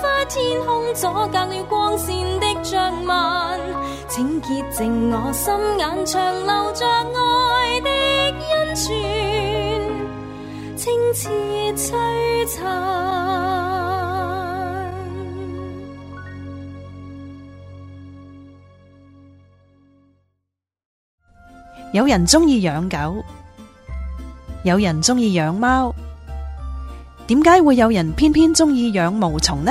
花天空阻隔了光線的障曼，請潔淨我心眼，長留着愛的恩泉，清澈璀璨。有人鍾意養狗，有人鍾意養貓。點解會有人偏偏鍾意養毛蟲呢？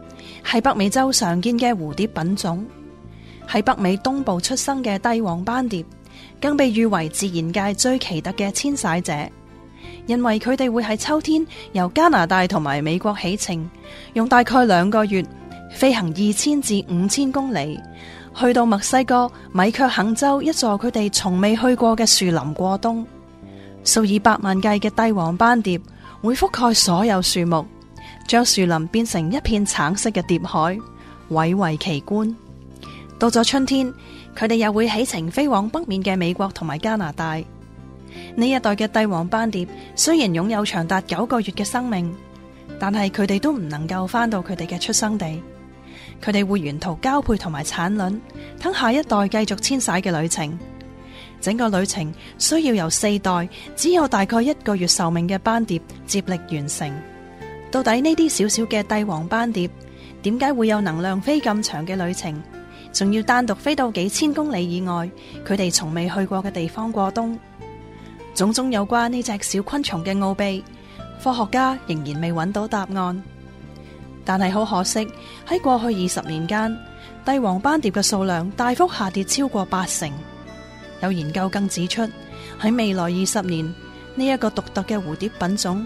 係北美洲常見嘅蝴蝶品種，喺北美東部出生嘅帝王斑蝶，更被譽為自然界最奇特嘅遷徙者。因為佢哋會喺秋天由加拿大同埋美國起程，用大概兩個月飛行二千至五千公里，去到墨西哥米卻肯州一座佢哋從未去過嘅樹林過冬。數以百萬計嘅帝王斑蝶會覆蓋所有樹木。將樹林變成一片橙色嘅蝶海，蔚為奇觀。到咗春天，佢哋又會起程飛往北面嘅美國同埋加拿大。呢一代嘅帝王斑蝶雖然擁有長達九個月嘅生命，但係佢哋都唔能夠翻到佢哋嘅出生地。佢哋會沿途交配同埋產卵，等下一代繼續遷徙嘅旅程。整個旅程需要由四代，只有大概一個月壽命嘅斑蝶接力完成。到底呢啲少少嘅帝王斑蝶點解會有能量飛咁長嘅旅程，仲要單獨飛到幾千公里以外，佢哋從未去過嘅地方過冬？種種有關呢隻小昆蟲嘅奧秘，科學家仍然未揾到答案。但係好可惜，喺過去二十年間，帝王斑蝶嘅數量大幅下跌超過八成。有研究更指出，喺未來二十年，呢一個獨特嘅蝴蝶品種。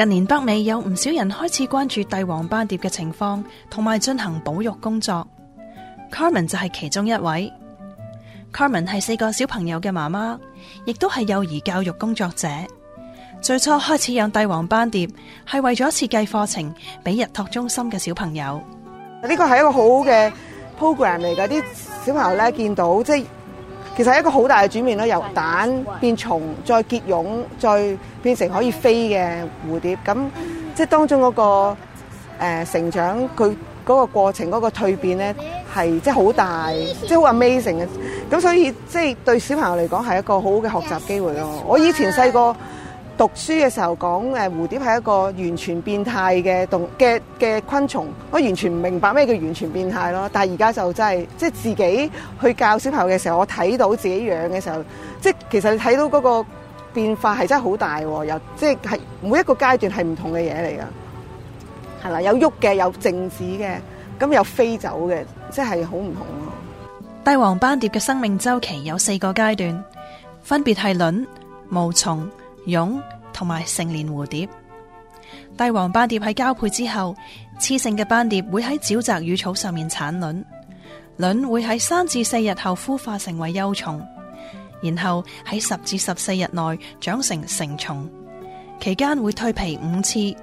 近年北美有唔少人開始關注帝王斑蝶嘅情況，同埋進行保育工作。Carmen 就係其中一位。Carmen 係四個小朋友嘅媽媽，亦都係幼兒教育工作者。最初開始養帝王斑蝶，係為咗設計課程俾日托中心嘅小朋友。呢個係一個好嘅 program 嚟噶，啲小朋友咧見到即係。其實是一個好大嘅轉變咯，由蛋變蟲，再結蛹，再變成可以飛嘅蝴蝶。咁即係當中嗰、那個誒、呃、成長，佢嗰個過程嗰、那個蛻變咧，係即係好大，即係好 amazing 嘅。咁所以即係對小朋友嚟講，係一個很好好嘅學習機會咯。Yes, right. 我以前細個。讀書嘅時候講誒蝴蝶係一個完全變態嘅動物嘅嘅昆蟲，我完全唔明白咩叫完全變態咯。但係而家就真係即係自己去教小朋友嘅時候，我睇到自己養嘅時候，即係其實你睇到嗰個變化係真係好大喎。又即係每一個階段係唔同嘅嘢嚟㗎，係啦，有喐嘅，有靜止嘅，咁有飛走嘅，即係好唔同咯。帝王斑蝶嘅生命周期有四個階段，分別係卵、毛蟲、蛹同埋成年蝴蝶，帝王斑蝶喺交配之後，雌性嘅斑蝶會喺沼澤乳草上面產卵，卵會喺三至四日後孵化成為幼蟲，然後喺十至十四日內長成成蟲，期間會蛻皮五次，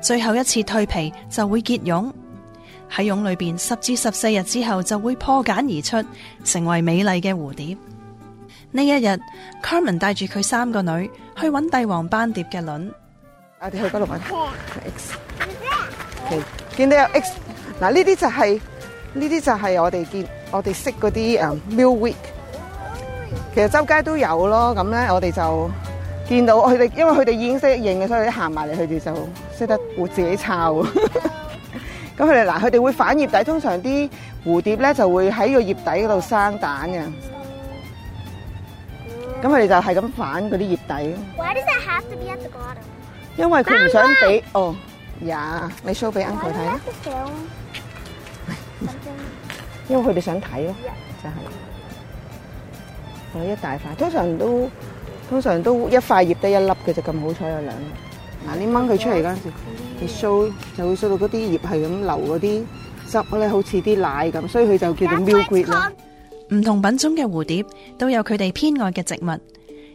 最後一次蛻皮就會結蛹，喺蛹裏邊十至十四日之後就會破繭而出，成為美麗嘅蝴蝶。呢一日，Carmen 帶住佢三個女去搵帝王斑蝶嘅卵。我哋去邊度搵？X。係 見到有 X。嗱，就是，呢啲就係呢啲就係我哋見我哋識嗰啲誒 milkweed 其實周街都有咯，咁咧我哋就見到佢哋，因為佢哋已經識得認嘅，所以行埋嚟佢哋就識得會自己抄。咁佢哋嗱，佢哋會反葉底，通常啲蝴蝶咧就會喺個葉底嗰度生蛋嘅。咁佢哋就係咁反嗰啲葉底咯。因為佢唔想俾哦呀，你 show 俾 Uncle 睇啊。因為佢哋想睇咯，就係。我一大塊，通常都通常都一塊葉得一粒嘅，就咁好彩有兩粒。嗱，你掹佢出嚟嗰陣時，你 show 就會 show 到嗰啲葉係咁流嗰啲汁，咧好似啲奶咁，所以佢就叫做 milkweed 咯。唔同品種嘅蝴蝶都有佢哋偏愛嘅植物，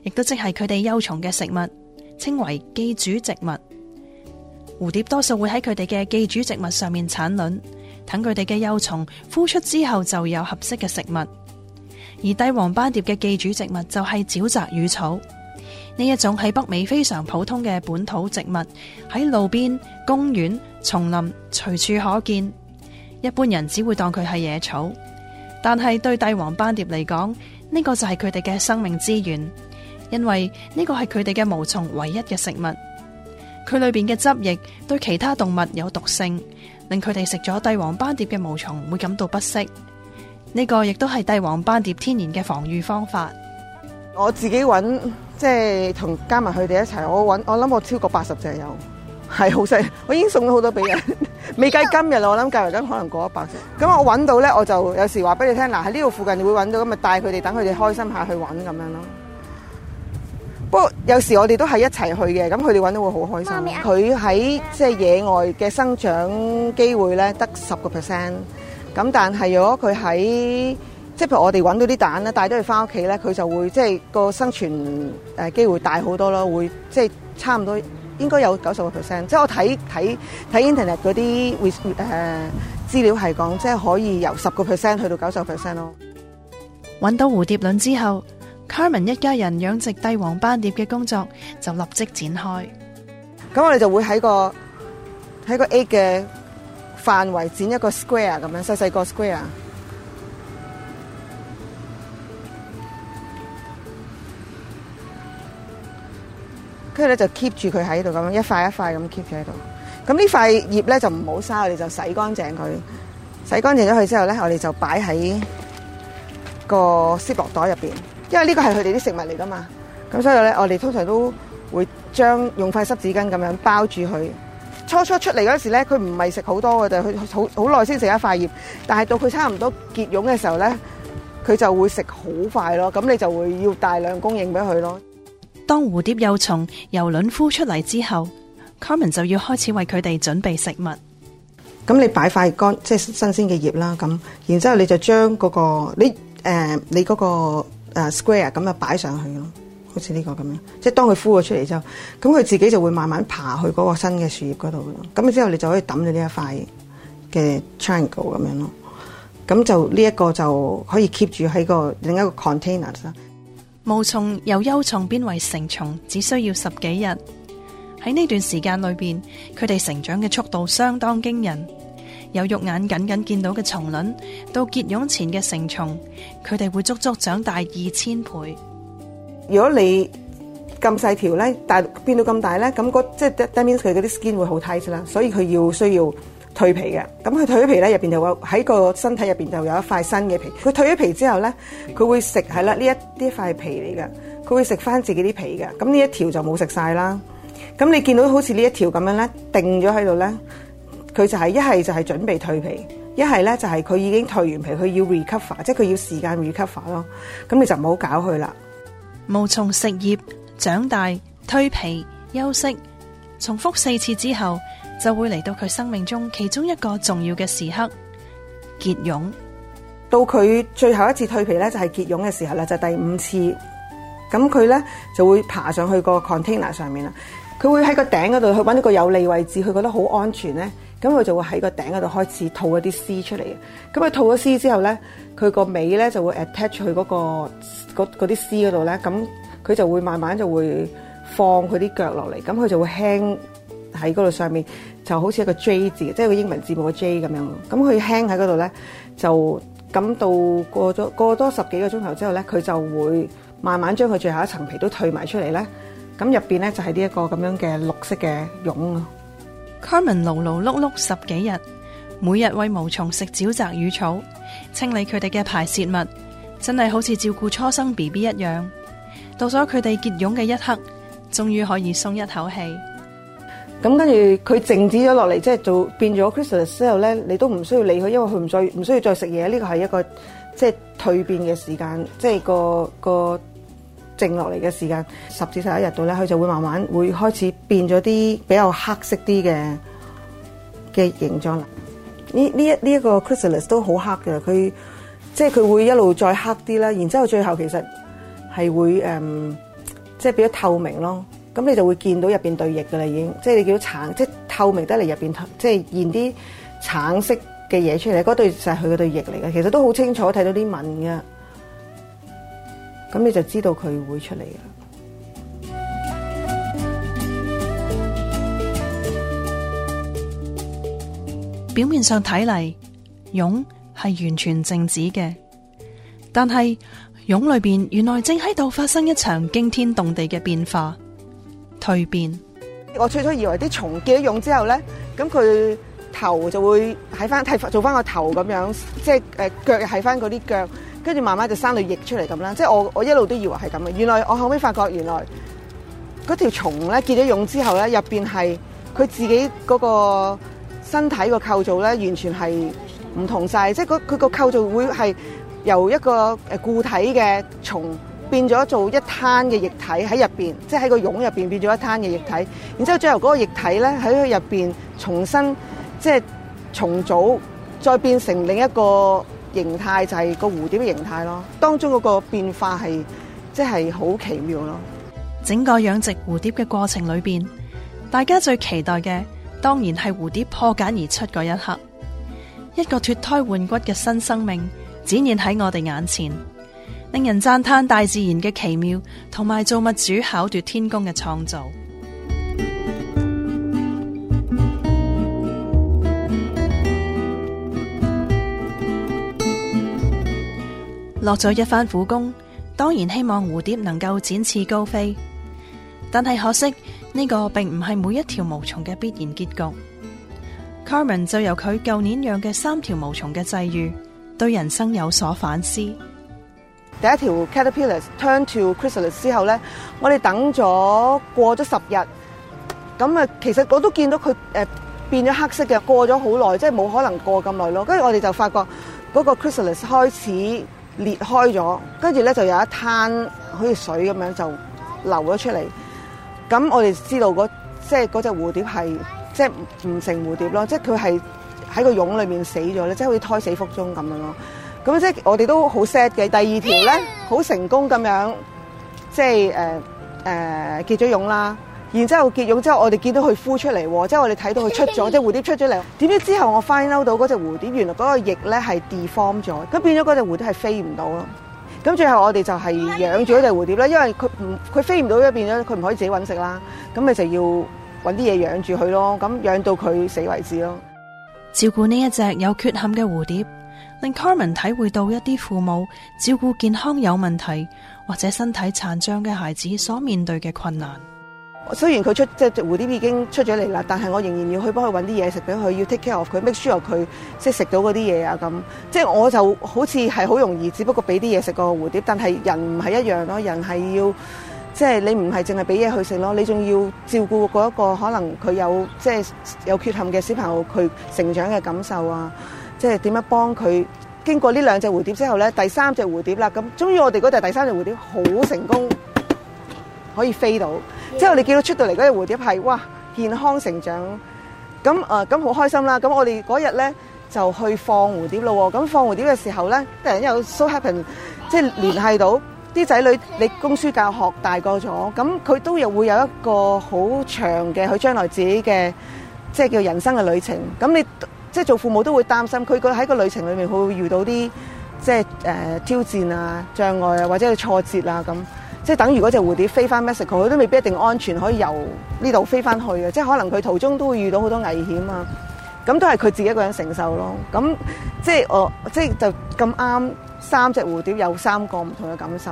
亦都即係佢哋幼蟲嘅食物，稱為寄主植物。蝴蝶多數會喺佢哋嘅寄主植物上面產卵，等佢哋嘅幼蟲孵出之後就有合適嘅食物。而帝王斑蝶嘅寄主植物就係沼澤乳草，呢一種喺北美非常普通嘅本土植物，喺路邊、公園、叢林隨處可見，一般人只會當佢係野草。但係對帝王斑蝶嚟講，呢個就係佢哋嘅生命資源，因為呢個係佢哋嘅毛蟲唯一嘅食物。佢裏邊嘅汁液對其他動物有毒性，令佢哋食咗帝王斑蝶嘅毛蟲會感到不適。呢個亦都係帝王斑蝶天然嘅防禦方法。我自己揾，即係同加埋佢哋一齊，我搵，我諗我超過八十隻有。係好細，我已經送咗好多俾人，未計今日啦。我諗計嚟緊可能過一百隻。咁我揾到咧，我就有時話俾你聽，嗱喺呢度附近會揾到，咁咪帶佢哋等佢哋開心下去揾咁樣咯。不過有時我哋都係一齊去嘅，咁佢哋揾到會好開心。佢喺即係野外嘅生長機會咧得十個 percent，咁但係如果佢喺即係譬如我哋揾到啲蛋咧，帶咗佢翻屋企咧，佢就會即係個生存誒機會大好多咯，會即係差唔多。應該有九十個 percent，即係我睇睇睇 internet 嗰啲 research 誒資料係講，即係可以由十個 percent 去到九十個 percent 咯。揾到蝴蝶卵之後，Carmen 一家人養殖帝王斑蝶嘅工作就立即展開。咁我哋就會喺個喺個 A 嘅範圍剪一個 square 咁樣細細個 square。跟住咧就 keep 住佢喺度咁，一塊一塊咁 keep 住喺度。咁呢塊葉咧就唔好嘥，我哋就洗乾淨佢。洗乾淨咗佢之後咧，我哋就擺喺個絲薄袋入邊，因為呢個係佢哋啲食物嚟噶嘛。咁所以咧，我哋通常都會將用塊濕紙巾咁樣包住佢。初初出嚟嗰時咧，佢唔係食好多嘅，就去好好耐先食一塊葉。但係到佢差唔多結蛹嘅時候咧，佢就會食好快咯。咁你就會要大量供應俾佢咯。當蝴蝶幼蟲由卵孵出嚟之後，Common 就要開始為佢哋準備食物放塊。咁你擺塊乾，即係新鮮嘅葉啦，咁然之後你就將嗰、那個你誒、呃、你嗰個誒 square 咁啊，擺上去咯，好似呢個咁樣，即係當佢孵咗出嚟之後，咁佢自己就會慢慢爬去嗰個新嘅樹葉嗰度咯。咁之後你就可以抌咗呢一塊嘅 triangle 咁樣咯。咁就呢一個就可以 keep 住喺個另一個 container 毛蟲由幼蟲變為成蟲，只需要十幾日。喺呢段時間裏邊，佢哋成長嘅速度相當驚人。由肉眼僅僅見到嘅蟲卵到結蛹前嘅成蟲，佢哋會足足長大二千倍。如果你咁細條咧，大，大變到咁大咧，咁嗰即係第一面佢嗰啲 skin 會好 tight 啦，所以佢要需要。蛻皮嘅，咁佢蛻咗皮咧，入邊就喺個身體入邊就有一塊新嘅皮。佢蛻咗皮之後咧，佢會食係啦，呢一呢一塊皮嚟㗎，佢會食翻自己啲皮嘅。咁呢一條就冇食晒啦。咁你見到好似呢一條咁樣咧，定咗喺度咧，佢就係一係就係準備蛻皮，一係咧就係佢已經蛻完皮，佢要 recover，即係佢要時間 recover 咯。咁你就唔好搞佢啦。毛蟲食葉長大蛻皮休息，重複四次之後，就會嚟到佢生命中其中一個重要嘅時刻結蛹，到佢最後一次蛻皮咧，就係結蛹嘅時候咧，就第五次。咁佢咧就會爬上去個 container 上面啦，佢會喺個頂嗰度去揾一個有利位置，佢覺得好安全咧，咁佢就會喺個頂嗰度開始吐一啲絲出嚟嘅。咁佢吐咗絲之後咧，佢個尾咧就會 attach 去嗰個嗰嗰啲絲嗰度咧，咁佢就會慢慢就會放佢啲腳落嚟，咁佢就會 hang。喺嗰度上面就好似一個 J 字，即係個英文字母嘅 J 咁樣。咁佢 hang 喺嗰度咧，就咁到過咗過多十幾個鐘頭之後咧，佢就會慢慢將佢最後一層皮都褪埋出嚟咧。咁入邊咧就係呢一個咁樣嘅綠色嘅蛹。Carmen 勞勞碌碌十幾日，每日餵毛蟲食沼澤乳草，清理佢哋嘅排泄物，真係好似照顧初生 B B 一樣。到咗佢哋結蛹嘅一刻，終於可以鬆一口氣。咁跟住佢靜止咗落嚟，即係做變咗 chrysalis 之後咧，你都唔需要理佢，因為佢唔再唔需要再食嘢。呢個係一個即係蛻變嘅時間，即係個個靜落嚟嘅時間十至十一日度咧，佢就會慢慢會開始變咗啲比較黑色啲嘅嘅形狀啦。呢呢一呢一個 chrysalis 都好黑嘅，佢即係佢會一路再黑啲啦。然之後最後其實係會誒、嗯，即係變咗透明咯。咁你就會見到入邊對翼嘅啦，已經即係你見到橙，即係透明得嚟，入邊即係現啲橙色嘅嘢出嚟。嗰對就係佢嗰對翼嚟嘅，其實都好清楚睇到啲紋嘅。咁你就知道佢會出嚟啦。表面上睇嚟，蛹係完全靜止嘅，但係蛹裏邊原來正喺度發生一場驚天動地嘅變化。蛻變。我最初以為啲蟲結咗蛹之後咧，咁佢頭就會喺翻，做翻個頭咁樣，即係誒腳係翻嗰啲腳，跟住慢慢就生到翼出嚟咁啦。即係我我一路都以為係咁嘅，原來我後尾發覺原來嗰條蟲咧結咗蛹之後咧，入邊係佢自己嗰個身體個構造咧，完全係唔同晒。即係佢個構造會係由一個誒固體嘅蟲。變咗做一灘嘅液體喺入邊，即係喺個蛹入邊變咗一灘嘅液體，然之後最後嗰個液體咧喺佢入邊重新即係、就是、重組，再變成另一個形態，就係、是、個蝴蝶嘅形態咯。當中嗰個變化係即係好奇妙咯。整個養殖蝴蝶嘅過程裏邊，大家最期待嘅當然係蝴蝶破繭而出嗰一刻，一個脫胎換骨嘅新生命展現喺我哋眼前。令人讚嘆大自然嘅奇妙，同埋造物主巧奪天工嘅創造。落咗 一番苦功，當然希望蝴蝶能夠展翅高飛。但係可惜，呢、這個並唔係每一條毛蟲嘅必然結局。Carmen 就由佢舊年養嘅三條毛蟲嘅際遇，對人生有所反思。第一條 caterpillars turn to chrysalis 之後咧，我哋等咗過咗十日，咁啊其實我都見到佢誒變咗黑色嘅，過咗好耐，即係冇可能過咁耐咯。跟住我哋就發覺嗰個 chrysalis 開始裂開咗，跟住咧就有一灘好似水咁樣就流咗出嚟。咁我哋知道嗰即隻蝴蝶係即係唔成蝴蝶咯，即係佢係喺個蛹裏面死咗咧，即係好似胎死腹中咁樣咯。咁即係我哋都好 sad 嘅。第二條咧，好成功咁樣，即係誒誒結咗蛹啦。然之後結蛹之後，我哋見到佢孵出嚟，即係我哋睇到佢出咗， 即係蝴蝶出咗嚟。點知之後我 find out 到嗰隻蝴蝶，原來嗰個翼咧係 deform 咗，咁變咗嗰隻蝴蝶係飛唔到咯。咁最後我哋就係養住嗰隻蝴蝶啦，因為佢唔佢飛唔到咧，變咗佢唔可以自己搵食啦。咁咪就要搵啲嘢養住佢咯。咁養到佢死為止咯。照顧呢一隻有缺陷嘅蝴蝶。令 Carmen 體會到一啲父母照顧健康有問題或者身體殘障嘅孩子所面對嘅困難。雖然佢出即係蝴蝶已經出咗嚟啦，但係我仍然要去幫佢搵啲嘢食俾佢，要 take care of 佢，make sure 佢即係食到嗰啲嘢啊咁。即係、就是、我就好似係好容易，只不過俾啲嘢食個蝴蝶，但係人唔係一樣咯，人係要即係、就是、你唔係淨係俾嘢去食咯，你仲要照顧嗰一個可能佢有即係、就是、有缺陷嘅小朋友佢成長嘅感受啊。即係點樣幫佢經過呢兩隻蝴蝶之後咧，第三隻蝴蝶啦，咁終於我哋嗰隻第三隻蝴蝶好成功，可以飛到。即係我哋見到出到嚟嗰隻蝴蝶係哇，健康成長，咁啊咁好開心啦。咁我哋嗰日咧就去放蝴蝶咯。咁放蝴蝶嘅時候咧，突然有 so happen 即係聯繫到啲仔女，你供書教學大個咗，咁佢都又會有一個好長嘅佢將來自己嘅即係叫人生嘅旅程。咁你。即係做父母都會擔心，佢個喺個旅程裏面會遇到啲即係誒、呃、挑戰啊、障礙啊，或者係挫折啊咁。即係等於嗰隻蝴蝶飛翻 Mexico，佢都未必一定安全可以由呢度飛翻去嘅。即係可能佢途中都會遇到好多危險啊。咁都係佢自己一個人承受咯。咁即係我即係就咁啱三隻蝴蝶有三個唔同嘅感受。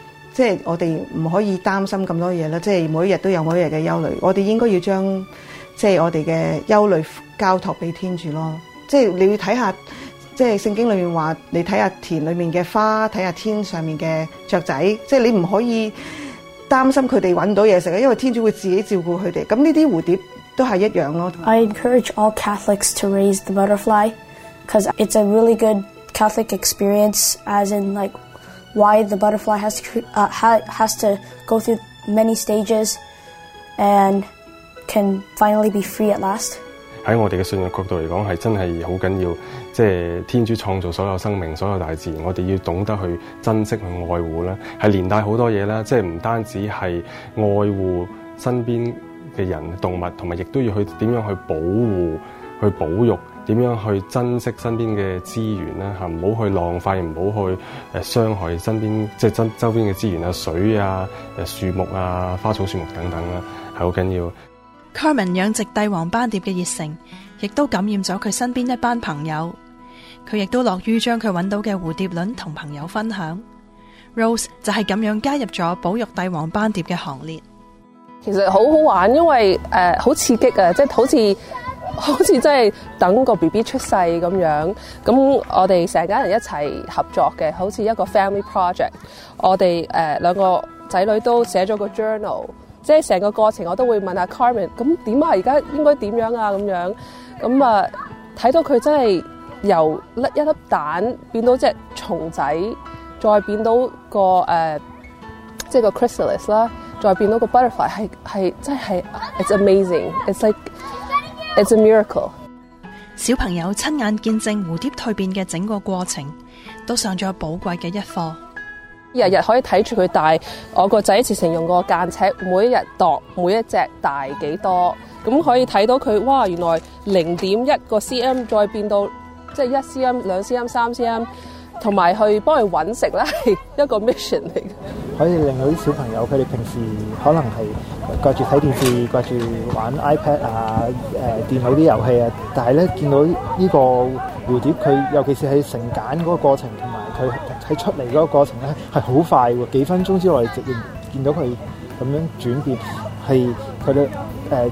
即係我哋唔可以擔心咁多嘢啦，即係每一日都有每一日嘅憂慮。我哋應該要將即係我哋嘅憂慮交託俾天主咯。即係你要睇下，即係聖經裏面話，你睇下田裏面嘅花，睇下天上面嘅雀仔。即係你唔可以擔心佢哋搵唔到嘢食啊，因為天主會自己照顧佢哋。咁呢啲蝴蝶都係一樣咯。I encourage all Catholics to raise the butterfly, because it's a really good Catholic experience, as in like why the butterfly has to,、uh, has to go through many stages and can finally be free at last 喺我哋嘅信仰角度嚟講係真係好緊要，即係、就是、天主創造所有生命，所有大自然，我哋要懂得去珍惜去愛護啦，係連帶好多嘢啦，即係唔單止係愛護身邊嘅人、動物同埋亦都要去點樣去保護去保育。點樣去珍惜身邊嘅資源咧？嚇，唔好去浪費，唔好去誒傷害身邊即係周周邊嘅資源啊，水啊，樹木啊，花草樹木等等啦，係好緊要的。Carmen 養殖帝王斑蝶嘅熱誠，亦都感染咗佢身邊一班朋友，佢亦都樂於將佢揾到嘅蝴蝶卵同朋友分享。Rose 就係咁樣加入咗保育帝王斑蝶嘅行列。其實好好玩，因為誒、呃、好刺激啊，即、就、係、是、好似～ 好似真係等個 B B 出世咁樣，咁我哋成家人一齊合作嘅，好似一個 family project。我哋呃、兩個仔女都寫咗個 journal，即係成個過程我都會問下 Carmen 咁、嗯、點啊？而家應該點樣啊？咁樣咁啊，睇、嗯呃、到佢真係由甩一粒蛋變到隻蟲仔，再變到個、呃、即係個 chrysalis 啦，再變到個 butterfly，係係真係，it's amazing，it's like。It's a miracle。小朋友親眼見證蝴蝶蛻變嘅整個過程，都上咗寶貴嘅一課。日日可以睇住佢大，我個仔之前用個間尺，每一日度每一隻大幾多，咁可以睇到佢，哇！原來零點一個 cm 再變到即係一 cm、兩 cm、三 cm。同埋去幫佢搵食咧，係一個 mission 嚟嘅。可以令到啲小朋友，佢哋平時可能係掛住睇電視、掛住玩 iPad 啊、誒、呃、電腦啲遊戲啊，但係咧見到呢個蝴蝶，佢尤其是喺成繭嗰個過程，同埋佢喺出嚟嗰個過程咧，係好快喎，幾分鐘之內直接見到佢咁樣轉變，係佢哋誒。呃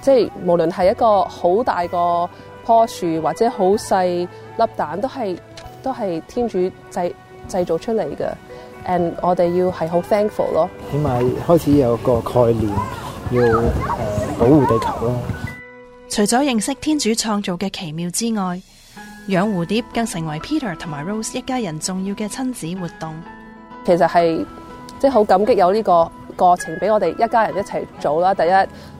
即係無論係一個好大個棵樹或者好細粒蛋，都係都係天主製製造出嚟嘅 and 我哋要係好 thankful 咯。起碼開始有個概念要保護地球咯。除咗認識天主創造嘅奇妙之外，養蝴蝶更成為 Peter 同埋 Rose 一家人重要嘅親子活動。其實係即係好感激有呢個過程俾我哋一家人一齊做啦。第一。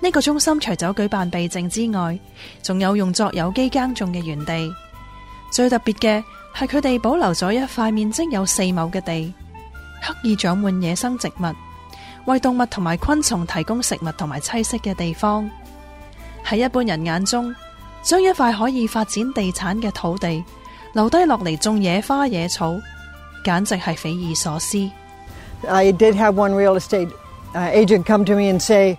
呢個中心除咗舉辦秘境之外，仲有用作有機耕種嘅園地。最特別嘅係佢哋保留咗一塊面積有四畝嘅地，刻意長滿野生植物，為動物同埋昆蟲提供食物同埋棲息嘅地方。喺一般人眼中，將一塊可以發展地產嘅土地留低落嚟種野花野草，簡直係匪夷所思。I did have one real estate agent come to me and say.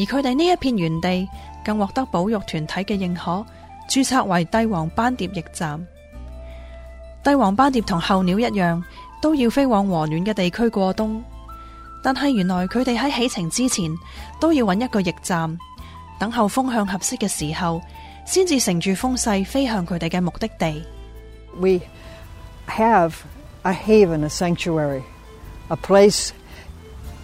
而佢哋呢一片原地更獲得保育團體嘅認可，註冊為帝王斑蝶驛站。帝王斑蝶同候鳥一樣，都要飛往和暖嘅地區過冬。但係原來佢哋喺起程之前，都要揾一個驛站，等候風向合適嘅時候，先至乘住風勢飛向佢哋嘅目的地。We have a haven, a sanctuary, a place.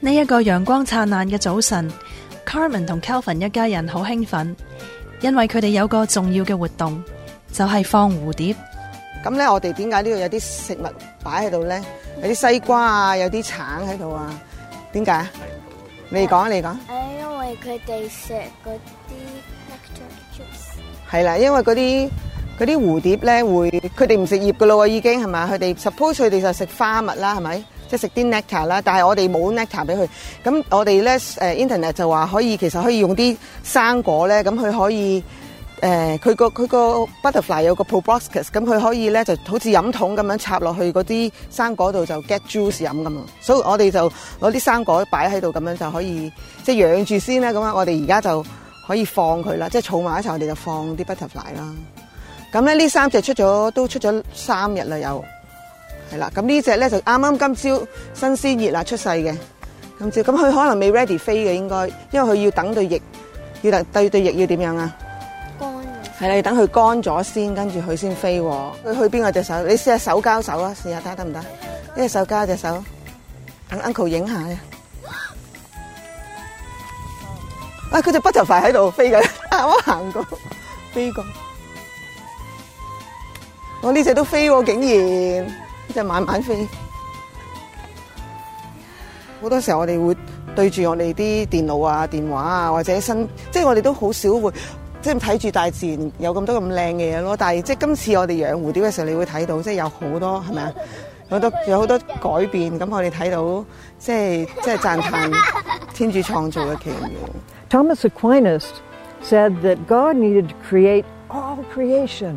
呢一個陽光燦爛嘅早晨 Carmen 同 Kelvin 一家人好興奮，因為佢哋有個重要嘅活動，就係放蝴蝶。咁咧，我哋點解呢度有啲食物擺喺度咧？有啲西瓜啊，有啲橙喺度啊？點解？你講，你講。誒，因為佢哋食啲係啦，因為嗰啲啲蝴蝶咧會，佢哋唔食葉噶咯，已經係咪？佢哋 suppose 佢哋就食花蜜啦，係咪？即係食啲 nectar 啦，但係我哋冇 nectar 俾佢。咁我哋咧誒 Internet 就話可以，其實可以用啲生果咧，咁佢可以誒，佢個佢個 butterfly 有個 proboscis，咁佢可以咧就好似飲桶咁樣插落去嗰啲生果度就 get juice 飲咁。所以我哋就攞啲生果擺喺度咁樣就可以即係、就是、養住先啦。咁啊，我哋而家就可以放佢啦，即係儲埋一齊，我哋就放啲 butterfly 啦。咁咧呢三隻出咗都出咗三日啦，又。係啦，咁呢隻咧就啱啱今朝新鮮熱辣出世嘅，今朝，咁佢可能未 ready 飛嘅應該，因為佢要等對翼，要等對對翼要點樣啊？乾係啦，要等佢乾咗先，跟住佢先飛。佢去邊個隻手？你試下手交手啊，試下睇得唔得？一隻手交一隻手，等 Uncle 影下呀。啊，佢隻不頭快喺度飛緊，我行過飛過，我呢隻都飛竟然。就慢慢漫飛，好多時候我哋會對住我哋啲電腦啊、電話啊，或者新，即係我哋都好少會即係睇住大自然有咁多咁靚嘅嘢咯。但係即係今次我哋養蝴蝶嘅時候，你會睇到即係有好多係咪啊？好多有好多改變，咁我哋睇到即係即係讚嘆天主創造嘅奇妙。Thomas Aquinas said that God needed to create all creation.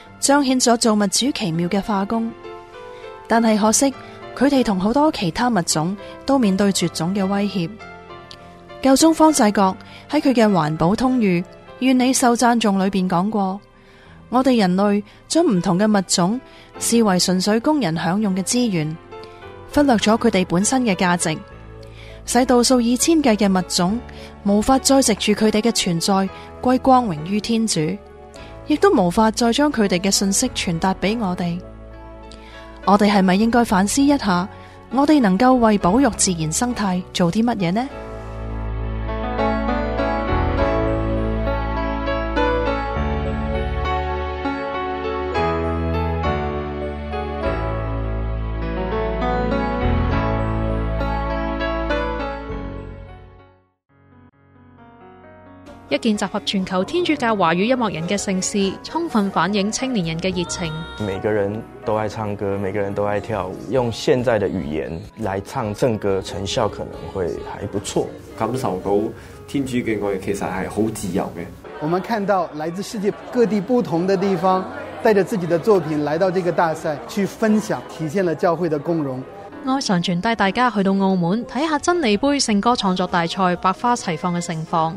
彰顯咗造物主奇妙嘅化工，但係可惜佢哋同好多其他物種都面對絕種嘅威脅。教宗方濟各喺佢嘅環保通諭《願你受讚頌》裏邊講過：我哋人類將唔同嘅物種視為純粹供人享用嘅資源，忽略咗佢哋本身嘅價值，使到數以千計嘅物種無法再藉住佢哋嘅存在，歸光榮於天主。亦都無法再將佢哋嘅信息傳達俾我哋，我哋係咪應該反思一下？我哋能夠為保育自然生態做啲乜嘢呢？一件集合全球天主教華語音樂人嘅盛事，充分反映青年人嘅熱情。每個人都愛唱歌，每個人都愛跳舞，用現在的語言來唱正歌，成效可能會還不錯。感受到天主嘅愛，其實係好自由嘅。我們看到來自世界各地不同的地方，帶着自己的作品來到這個大賽去分享，體現了教會的共融。我常傳帶大家去到澳門睇下真理杯聖歌創作大賽百花齊放嘅盛況。